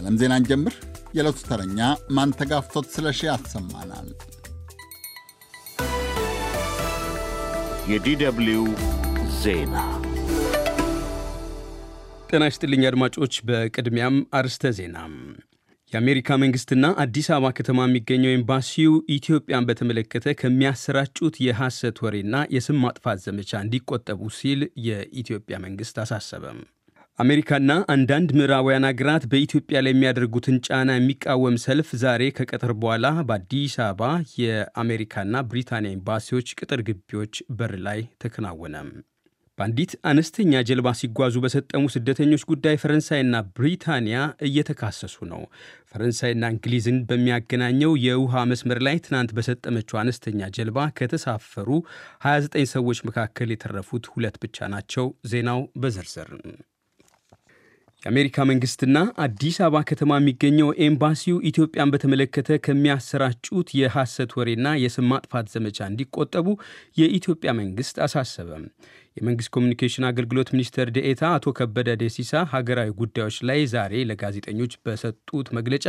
ከዓለም ዜናን ጀምር። የዕለቱ ተረኛ ስለ ስለሺ ያሰማናል። የዲደብልዩ ዜና ጤና ይስጥልኝ አድማጮች። በቅድሚያም አርስተ ዜና የአሜሪካ መንግስትና አዲስ አበባ ከተማ የሚገኘው ኤምባሲው ኢትዮጵያን በተመለከተ ከሚያሰራጩት የሐሰት ወሬና የስም ማጥፋት ዘመቻ እንዲቆጠቡ ሲል የኢትዮጵያ መንግስት አሳሰበም። አሜሪካና አንዳንድ ምዕራባውያን አገራት በኢትዮጵያ ላይ የሚያደርጉትን ጫና የሚቃወም ሰልፍ ዛሬ ከቀትር በኋላ በአዲስ አበባ የአሜሪካና ብሪታንያ ኤምባሲዎች ቅጥር ግቢዎች በር ላይ ተከናወነ። በአንዲት አነስተኛ ጀልባ ሲጓዙ በሰጠሙ ስደተኞች ጉዳይ ፈረንሳይና ብሪታንያ እየተካሰሱ ነው። ፈረንሳይና እንግሊዝን በሚያገናኘው የውሃ መስመር ላይ ትናንት በሰጠመችው አነስተኛ ጀልባ ከተሳፈሩ 29 ሰዎች መካከል የተረፉት ሁለት ብቻ ናቸው። ዜናው በዝርዝር የአሜሪካ መንግስትና አዲስ አበባ ከተማ የሚገኘው ኤምባሲው ኢትዮጵያን በተመለከተ ከሚያሰራጩት የሐሰት ወሬና የስም ማጥፋት ዘመቻ እንዲቆጠቡ የኢትዮጵያ መንግስት አሳሰበም። የመንግስት ኮሚኒኬሽን አገልግሎት ሚኒስትር ደኤታ አቶ ከበደ ደሲሳ ሀገራዊ ጉዳዮች ላይ ዛሬ ለጋዜጠኞች በሰጡት መግለጫ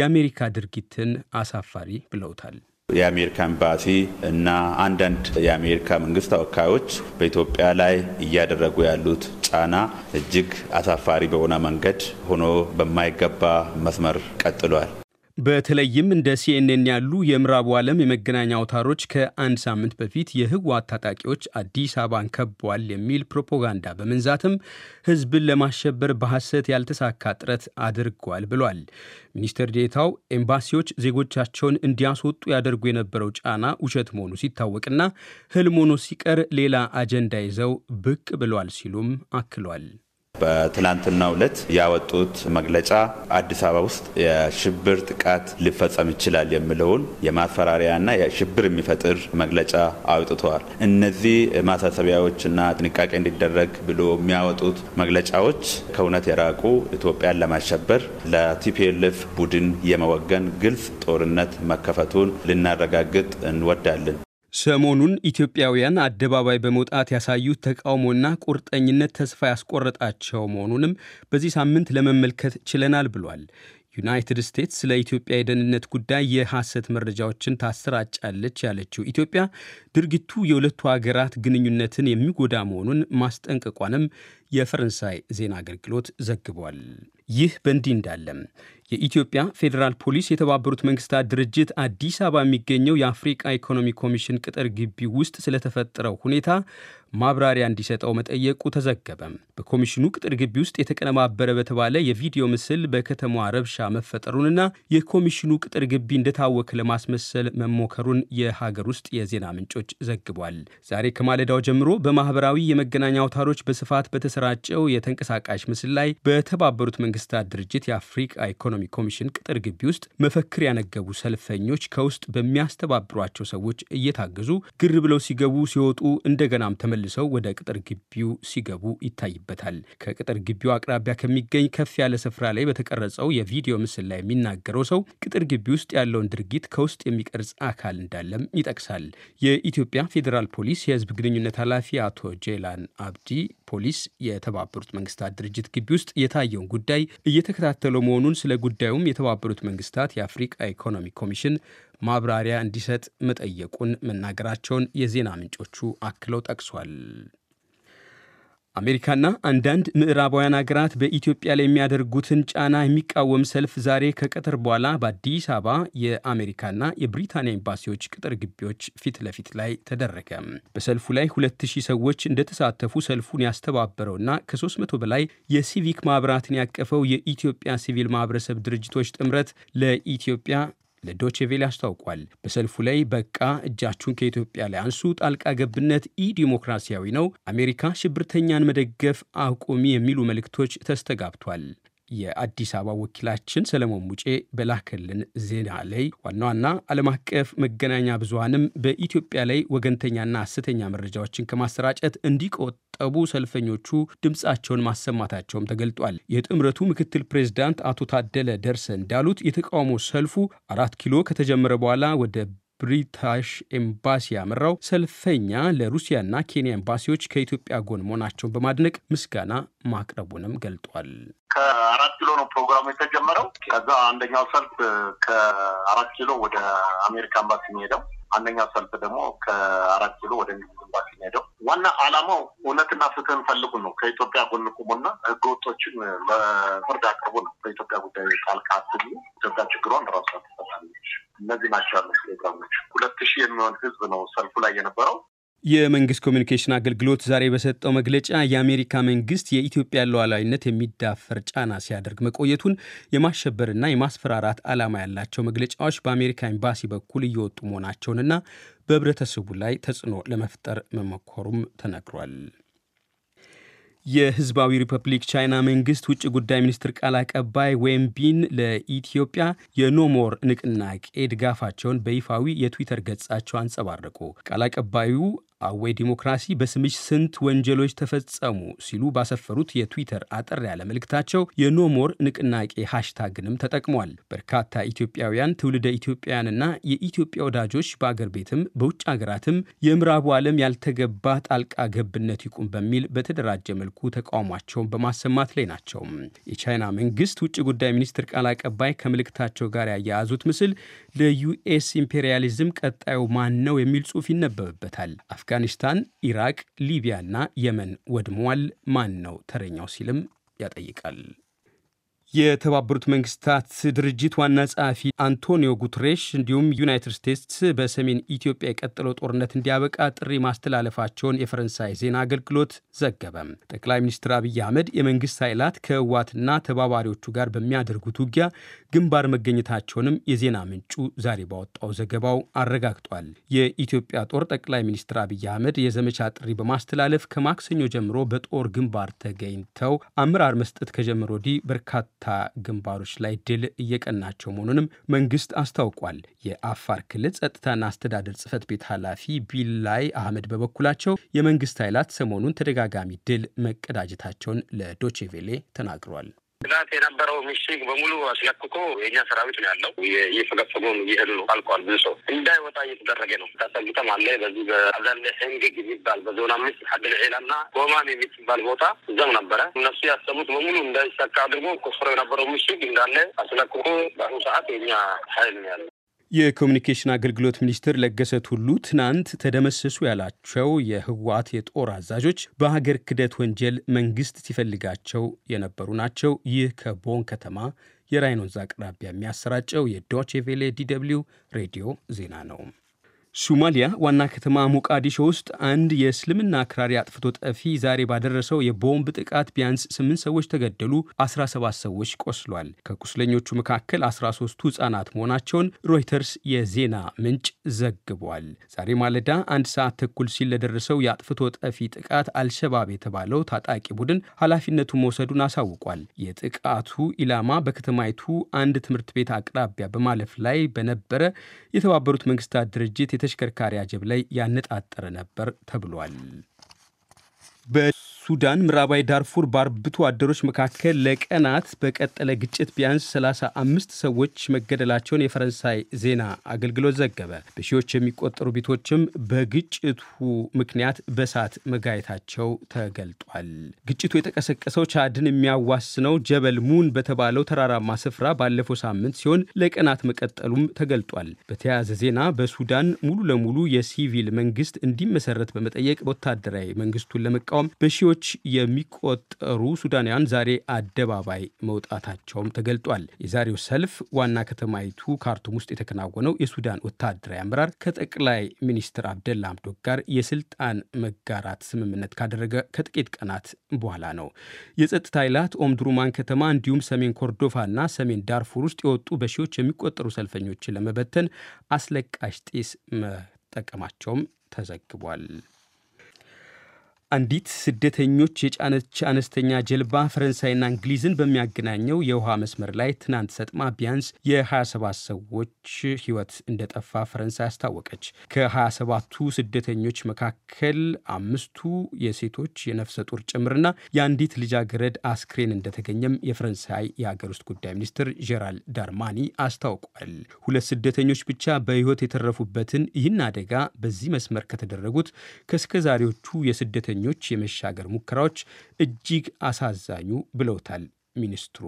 የአሜሪካ ድርጊትን አሳፋሪ ብለውታል። የአሜሪካ ኤምባሲ እና አንዳንድ የአሜሪካ መንግስት ተወካዮች በኢትዮጵያ ላይ እያደረጉ ያሉት ጫና እጅግ አሳፋሪ በሆነ መንገድ ሆኖ በማይገባ መስመር ቀጥሏል። በተለይም እንደ ሲኤንኤን ያሉ የምዕራቡ ዓለም የመገናኛ አውታሮች ከአንድ ሳምንት በፊት የህወሓት ታጣቂዎች አዲስ አበባን ከቧል የሚል ፕሮፓጋንዳ በመንዛትም ህዝብን ለማሸበር በሐሰት ያልተሳካ ጥረት አድርጓል ብሏል። ሚኒስትር ዴታው ኤምባሲዎች ዜጎቻቸውን እንዲያስወጡ ያደርጉ የነበረው ጫና ውሸት መሆኑ ሲታወቅና ህልም ሆኖ ሲቀር ሌላ አጀንዳ ይዘው ብቅ ብሏል ሲሉም አክሏል። በትናንትናው ዕለት ያወጡት መግለጫ አዲስ አበባ ውስጥ የሽብር ጥቃት ሊፈጸም ይችላል የሚለውን የማስፈራሪያና የሽብር የሚፈጥር መግለጫ አውጥተዋል። እነዚህ ማሳሰቢያዎችና ጥንቃቄ እንዲደረግ ብሎ የሚያወጡት መግለጫዎች ከእውነት የራቁ ኢትዮጵያን ለማሸበር ለቲፒኤልኤፍ ቡድን የመወገን ግልጽ ጦርነት መከፈቱን ልናረጋግጥ እንወዳለን። ሰሞኑን ኢትዮጵያውያን አደባባይ በመውጣት ያሳዩት ተቃውሞና ቁርጠኝነት ተስፋ ያስቆረጣቸው መሆኑንም በዚህ ሳምንት ለመመልከት ችለናል ብሏል። ዩናይትድ ስቴትስ ለኢትዮጵያ የደህንነት ጉዳይ የሐሰት መረጃዎችን ታሰራጫለች ያለችው ኢትዮጵያ ድርጊቱ የሁለቱ ሀገራት ግንኙነትን የሚጎዳ መሆኑን ማስጠንቀቋንም የፈረንሳይ ዜና አገልግሎት ዘግቧል። ይህ በእንዲህ እንዳለም የኢትዮጵያ ፌዴራል ፖሊስ የተባበሩት መንግስታት ድርጅት አዲስ አበባ የሚገኘው የአፍሪቃ ኢኮኖሚ ኮሚሽን ቅጥር ግቢ ውስጥ ስለተፈጠረው ሁኔታ ማብራሪያ እንዲሰጠው መጠየቁ ተዘገበ። በኮሚሽኑ ቅጥር ግቢ ውስጥ የተቀነባበረ በተባለ የቪዲዮ ምስል በከተማዋ ረብሻ መፈጠሩንና የኮሚሽኑ ቅጥር ግቢ እንደታወክ ለማስመሰል መሞከሩን የሀገር ውስጥ የዜና ምንጮች ዘግቧል። ዛሬ ከማለዳው ጀምሮ በማህበራዊ የመገናኛ አውታሮች በስፋት በተሰራጨው የተንቀሳቃሽ ምስል ላይ በተባበሩት መንግስታት ድርጅት የአፍሪቃ ኢኮኖሚ ኢኮኖሚ ኮሚሽን ቅጥር ግቢ ውስጥ መፈክር ያነገቡ ሰልፈኞች ከውስጥ በሚያስተባብሯቸው ሰዎች እየታገዙ ግር ብለው ሲገቡ ሲወጡ፣ እንደገናም ተመልሰው ወደ ቅጥር ግቢው ሲገቡ ይታይበታል። ከቅጥር ግቢው አቅራቢያ ከሚገኝ ከፍ ያለ ስፍራ ላይ በተቀረጸው የቪዲዮ ምስል ላይ የሚናገረው ሰው ቅጥር ግቢ ውስጥ ያለውን ድርጊት ከውስጥ የሚቀርጽ አካል እንዳለም ይጠቅሳል። የኢትዮጵያ ፌዴራል ፖሊስ የህዝብ ግንኙነት ኃላፊ አቶ ጄላን አብዲ ፖሊስ የተባበሩት መንግስታት ድርጅት ግቢ ውስጥ የታየውን ጉዳይ እየተከታተለው መሆኑን ስለ ጉዳዩም የተባበሩት መንግስታት የአፍሪቃ ኢኮኖሚ ኮሚሽን ማብራሪያ እንዲሰጥ መጠየቁን መናገራቸውን የዜና ምንጮቹ አክለው ጠቅሷል። አሜሪካና አንዳንድ ምዕራባውያን ሀገራት በኢትዮጵያ ላይ የሚያደርጉትን ጫና የሚቃወም ሰልፍ ዛሬ ከቀትር በኋላ በአዲስ አበባ የአሜሪካና የብሪታንያ ኤምባሲዎች ቅጥር ግቢዎች ፊት ለፊት ላይ ተደረገ። በሰልፉ ላይ 2000 ሰዎች እንደተሳተፉ ሰልፉን ያስተባበረውና ከ300 በላይ የሲቪክ ማኅበራትን ያቀፈው የኢትዮጵያ ሲቪል ማኅበረሰብ ድርጅቶች ጥምረት ለኢትዮጵያ ለዶቼ ቬለ አስታውቋል። በሰልፉ ላይ በቃ እጃችሁን ከኢትዮጵያ ላይ አንሱ፣ ጣልቃ ገብነት ኢ ዲሞክራሲያዊ ነው፣ አሜሪካ ሽብርተኛን መደገፍ አቁሚ የሚሉ መልእክቶች ተስተጋብቷል። የአዲስ አበባ ወኪላችን ሰለሞን ሙጬ በላከልን ዜና ላይ ዋና ዋና ዓለም አቀፍ መገናኛ ብዙሃንም በኢትዮጵያ ላይ ወገንተኛና ሐሰተኛ መረጃዎችን ከማሰራጨት እንዲቆ እንዲታጠቡ ሰልፈኞቹ ድምፃቸውን ማሰማታቸውም ተገልጧል። የጥምረቱ ምክትል ፕሬዝዳንት አቶ ታደለ ደርሰ እንዳሉት የተቃውሞ ሰልፉ አራት ኪሎ ከተጀመረ በኋላ ወደ ብሪታሽ ኤምባሲ ያመራው ሰልፈኛ ለሩሲያና ኬንያ ኤምባሲዎች ከኢትዮጵያ ጎን መሆናቸውን በማድነቅ ምስጋና ማቅረቡንም ገልጧል። ከአራት ኪሎ ነው ፕሮግራሙ የተጀመረው። ከዛ አንደኛው ሰልፍ ከአራት ኪሎ ወደ አሜሪካ ኤምባሲ የሚሄደው፣ አንደኛው ሰልፍ ደግሞ ከአራት ኪሎ ወደ እንግሊዝ ኤምባሲ የሚሄደው ዋና ዓላማው እውነትና ፍትህን ፈልጉ ነው። ከኢትዮጵያ ጎን ቁሙና ህገወጦችን ለፍርድ አቅርቡ ነው። በኢትዮጵያ ጉዳይ ጣልቃ አትግቡ፣ ኢትዮጵያ ችግሯን ራሷ ትፈታለች። እነዚህ ናቸው ያሉ ፕሮግራሞች። ሁለት ሺህ የሚሆን ህዝብ ነው ሰልፉ ላይ የነበረው። የመንግስት ኮሚኒኬሽን አገልግሎት ዛሬ በሰጠው መግለጫ የአሜሪካ መንግስት የኢትዮጵያ ሉዓላዊነት የሚዳፈር ጫና ሲያደርግ መቆየቱን የማሸበርና የማስፈራራት ዓላማ ያላቸው መግለጫዎች በአሜሪካ ኤምባሲ በኩል እየወጡ መሆናቸውንና በህብረተሰቡ ላይ ተጽዕኖ ለመፍጠር መሞከሩም ተነግሯል። የህዝባዊ ሪፐብሊክ ቻይና መንግስት ውጭ ጉዳይ ሚኒስትር ቃል አቀባይ ዌንቢን ለኢትዮጵያ የኖሞር ንቅናቄ ድጋፋቸውን በይፋዊ የትዊተር ገጻቸው አንጸባረቁ። ቃል አቀባዩ አዌይ ዲሞክራሲ በስምሽ ስንት ወንጀሎች ተፈጸሙ ሲሉ ባሰፈሩት የትዊተር አጠር ያለ መልእክታቸው የኖሞር ንቅናቄ ሃሽታግንም ተጠቅሟል። በርካታ ኢትዮጵያውያን ትውልደ ኢትዮጵያውያንና የኢትዮጵያ ወዳጆች በአገር ቤትም በውጭ አገራትም የምዕራቡ ዓለም ያልተገባ ጣልቃ ገብነት ይቁም በሚል በተደራጀ መልኩ ተቃውሟቸውን በማሰማት ላይ ናቸው። የቻይና መንግስት ውጭ ጉዳይ ሚኒስትር ቃል አቀባይ ከመልእክታቸው ጋር ያያያዙት ምስል ለዩኤስ ኢምፔሪያሊዝም ቀጣዩ ማን ነው የሚል ጽሑፍ ይነበብበታል። አፍጋኒስታን፣ ኢራቅ፣ ሊቢያና የመን ወድመዋል። ማን ነው ተረኛው ሲልም ያጠይቃል። የተባበሩት መንግስታት ድርጅት ዋና ጸሐፊ አንቶኒዮ ጉትሬሽ እንዲሁም ዩናይትድ ስቴትስ በሰሜን ኢትዮጵያ የቀጠለው ጦርነት እንዲያበቃ ጥሪ ማስተላለፋቸውን የፈረንሳይ ዜና አገልግሎት ዘገበም። ጠቅላይ ሚኒስትር አብይ አህመድ የመንግስት ኃይላት ከህወሓትና ተባባሪዎቹ ጋር በሚያደርጉት ውጊያ ግንባር መገኘታቸውንም የዜና ምንጩ ዛሬ ባወጣው ዘገባው አረጋግጧል። የኢትዮጵያ ጦር ጠቅላይ ሚኒስትር አብይ አህመድ የዘመቻ ጥሪ በማስተላለፍ ከማክሰኞ ጀምሮ በጦር ግንባር ተገኝተው አመራር መስጠት ከጀመረ ወዲህ በርካታ በርካታ ግንባሮች ላይ ድል እየቀናቸው መሆኑንም መንግስት አስታውቋል። የአፋር ክልል ጸጥታና አስተዳደር ጽህፈት ቤት ኃላፊ ቢላይ አህመድ በበኩላቸው የመንግስት ኃይላት ሰሞኑን ተደጋጋሚ ድል መቀዳጀታቸውን ለዶቼቬሌ ተናግሯል። ግዛት የነበረው ምሽግ በሙሉ አስለቅቆ የኛ ሰራዊት ነው ያለው። እየፈገፈጉን እየሄዱ ነው። አልቋል። ብዙ ሰው እንዳይወጣ እየተደረገ ነው። ታሰግተም አለ በዚህ በአዛለ ሄንግግ የሚባል በዞን አምስት ሀድል ና ጎማን የሚባል ቦታ እዛም ነበረ። እነሱ ያሰቡት በሙሉ እንዳይሰካ አድርጎ ኮስሮ የነበረው ምሽግ እንዳለ አስለቅቆ በአሁኑ ሰዓት የኛ ሀይል ነው ያለው። የኮሚኒኬሽን አገልግሎት ሚኒስትር ለገሰ ቱሉ ትናንት ተደመሰሱ ያላቸው የህወሓት የጦር አዛዦች በሀገር ክደት ወንጀል መንግስት ሲፈልጋቸው የነበሩ ናቸው። ይህ ከቦን ከተማ የራይን ወንዝ አቅራቢያ የሚያሰራጨው የዶቼ ቬሌ ዲ ደብልዩ ሬዲዮ ዜና ነው። ሱማሊያ ዋና ከተማ ሞቃዲሾ ውስጥ አንድ የእስልምና አክራሪ አጥፍቶ ጠፊ ዛሬ ባደረሰው የቦምብ ጥቃት ቢያንስ ስምንት ሰዎች ተገደሉ፣ 17 ሰዎች ቆስሏል። ከቁስለኞቹ መካከል 13ቱ ህጻናት መሆናቸውን ሮይተርስ የዜና ምንጭ ዘግቧል። ዛሬ ማለዳ አንድ ሰዓት ተኩል ሲል ለደረሰው የአጥፍቶ ጠፊ ጥቃት አልሸባብ የተባለው ታጣቂ ቡድን ኃላፊነቱን መውሰዱን አሳውቋል። የጥቃቱ ኢላማ በከተማይቱ አንድ ትምህርት ቤት አቅራቢያ በማለፍ ላይ በነበረ የተባበሩት መንግስታት ድርጅት የተሽከርካሪ አጀብ ላይ ያነጣጠረ ነበር ተብሏል። ሱዳን ምዕራባዊ ዳርፉር በአርብቶ አደሮች መካከል ለቀናት በቀጠለ ግጭት ቢያንስ 35 ሰዎች መገደላቸውን የፈረንሳይ ዜና አገልግሎት ዘገበ። በሺዎች የሚቆጠሩ ቤቶችም በግጭቱ ምክንያት በሳት መጋየታቸው ተገልጧል። ግጭቱ የተቀሰቀሰው ቻድን የሚያዋስነው ጀበል ሙን በተባለው ተራራማ ስፍራ ባለፈው ሳምንት ሲሆን ለቀናት መቀጠሉም ተገልጧል። በተያያዘ ዜና በሱዳን ሙሉ ለሙሉ የሲቪል መንግስት እንዲመሰረት በመጠየቅ ወታደራዊ መንግስቱን ለመቃወም በሺዎች በሺዎች የሚቆጠሩ ሱዳናውያን ዛሬ አደባባይ መውጣታቸውም ተገልጧል። የዛሬው ሰልፍ ዋና ከተማይቱ ካርቱም ውስጥ የተከናወነው የሱዳን ወታደራዊ አመራር ከጠቅላይ ሚኒስትር አብደላ አምዶክ ጋር የስልጣን መጋራት ስምምነት ካደረገ ከጥቂት ቀናት በኋላ ነው። የጸጥታ ኃይላት ኦምድሩማን ከተማ እንዲሁም ሰሜን ኮርዶፋ እና ሰሜን ዳርፉር ውስጥ የወጡ በሺዎች የሚቆጠሩ ሰልፈኞችን ለመበተን አስለቃሽ ጢስ መጠቀማቸውም ተዘግቧል። አንዲት ስደተኞች የጫነች አነስተኛ ጀልባ ፈረንሳይና እንግሊዝን በሚያገናኘው የውሃ መስመር ላይ ትናንት ሰጥማ ቢያንስ የ27 ሰዎች ሕይወት እንደጠፋ ፈረንሳይ አስታወቀች። ከ27ቱ ስደተኞች መካከል አምስቱ የሴቶች የነፍሰ ጡር ጭምርና የአንዲት ልጃገረድ አስክሬን እንደተገኘም የፈረንሳይ የአገር ውስጥ ጉዳይ ሚኒስትር ጀራል ዳርማኒ አስታውቋል። ሁለት ስደተኞች ብቻ በሕይወት የተረፉበትን ይህን አደጋ በዚህ መስመር ከተደረጉት ከእስከዛሬዎቹ የስደተኞች ዳኞች የመሻገር ሙከራዎች እጅግ አሳዛኙ ብለውታል። ሚኒስትሩ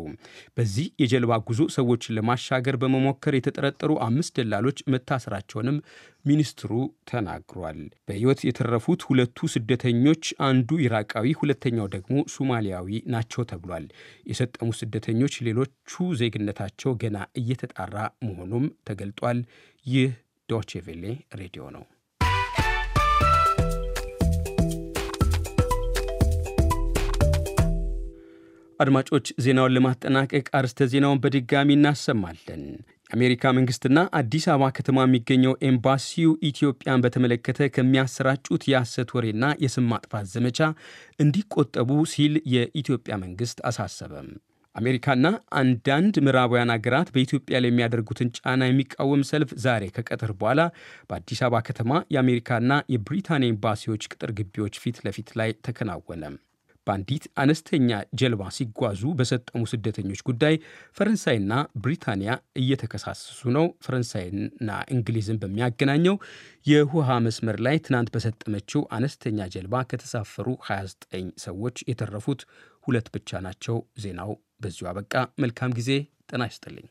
በዚህ የጀልባ ጉዞ ሰዎችን ለማሻገር በመሞከር የተጠረጠሩ አምስት ደላሎች መታሰራቸውንም ሚኒስትሩ ተናግሯል። በሕይወት የተረፉት ሁለቱ ስደተኞች አንዱ ኢራቃዊ፣ ሁለተኛው ደግሞ ሱማሊያዊ ናቸው ተብሏል። የሰጠሙ ስደተኞች ሌሎቹ ዜግነታቸው ገና እየተጣራ መሆኑም ተገልጧል። ይህ ዶቼቬሌ ሬዲዮ ነው። አድማጮች፣ ዜናውን ለማጠናቀቅ አርስተ ዜናውን በድጋሚ እናሰማለን። የአሜሪካ መንግስትና አዲስ አበባ ከተማ የሚገኘው ኤምባሲው ኢትዮጵያን በተመለከተ ከሚያሰራጩት የሐሰት ወሬና የስም ማጥፋት ዘመቻ እንዲቆጠቡ ሲል የኢትዮጵያ መንግስት አሳሰበም። አሜሪካና አንዳንድ ምዕራባውያን አገራት በኢትዮጵያ ላይ የሚያደርጉትን ጫና የሚቃወም ሰልፍ ዛሬ ከቀትር በኋላ በአዲስ አበባ ከተማ የአሜሪካና የብሪታንያ ኤምባሲዎች ቅጥር ግቢዎች ፊት ለፊት ላይ ተከናወነም። በአንዲት አነስተኛ ጀልባ ሲጓዙ በሰጠሙ ስደተኞች ጉዳይ ፈረንሳይና ብሪታንያ እየተከሳሰሱ ነው። ፈረንሳይና እንግሊዝን በሚያገናኘው የውሃ መስመር ላይ ትናንት በሰጠመችው አነስተኛ ጀልባ ከተሳፈሩ 29 ሰዎች የተረፉት ሁለት ብቻ ናቸው። ዜናው በዚሁ አበቃ። መልካም ጊዜ። ጤና ይስጥልኝ።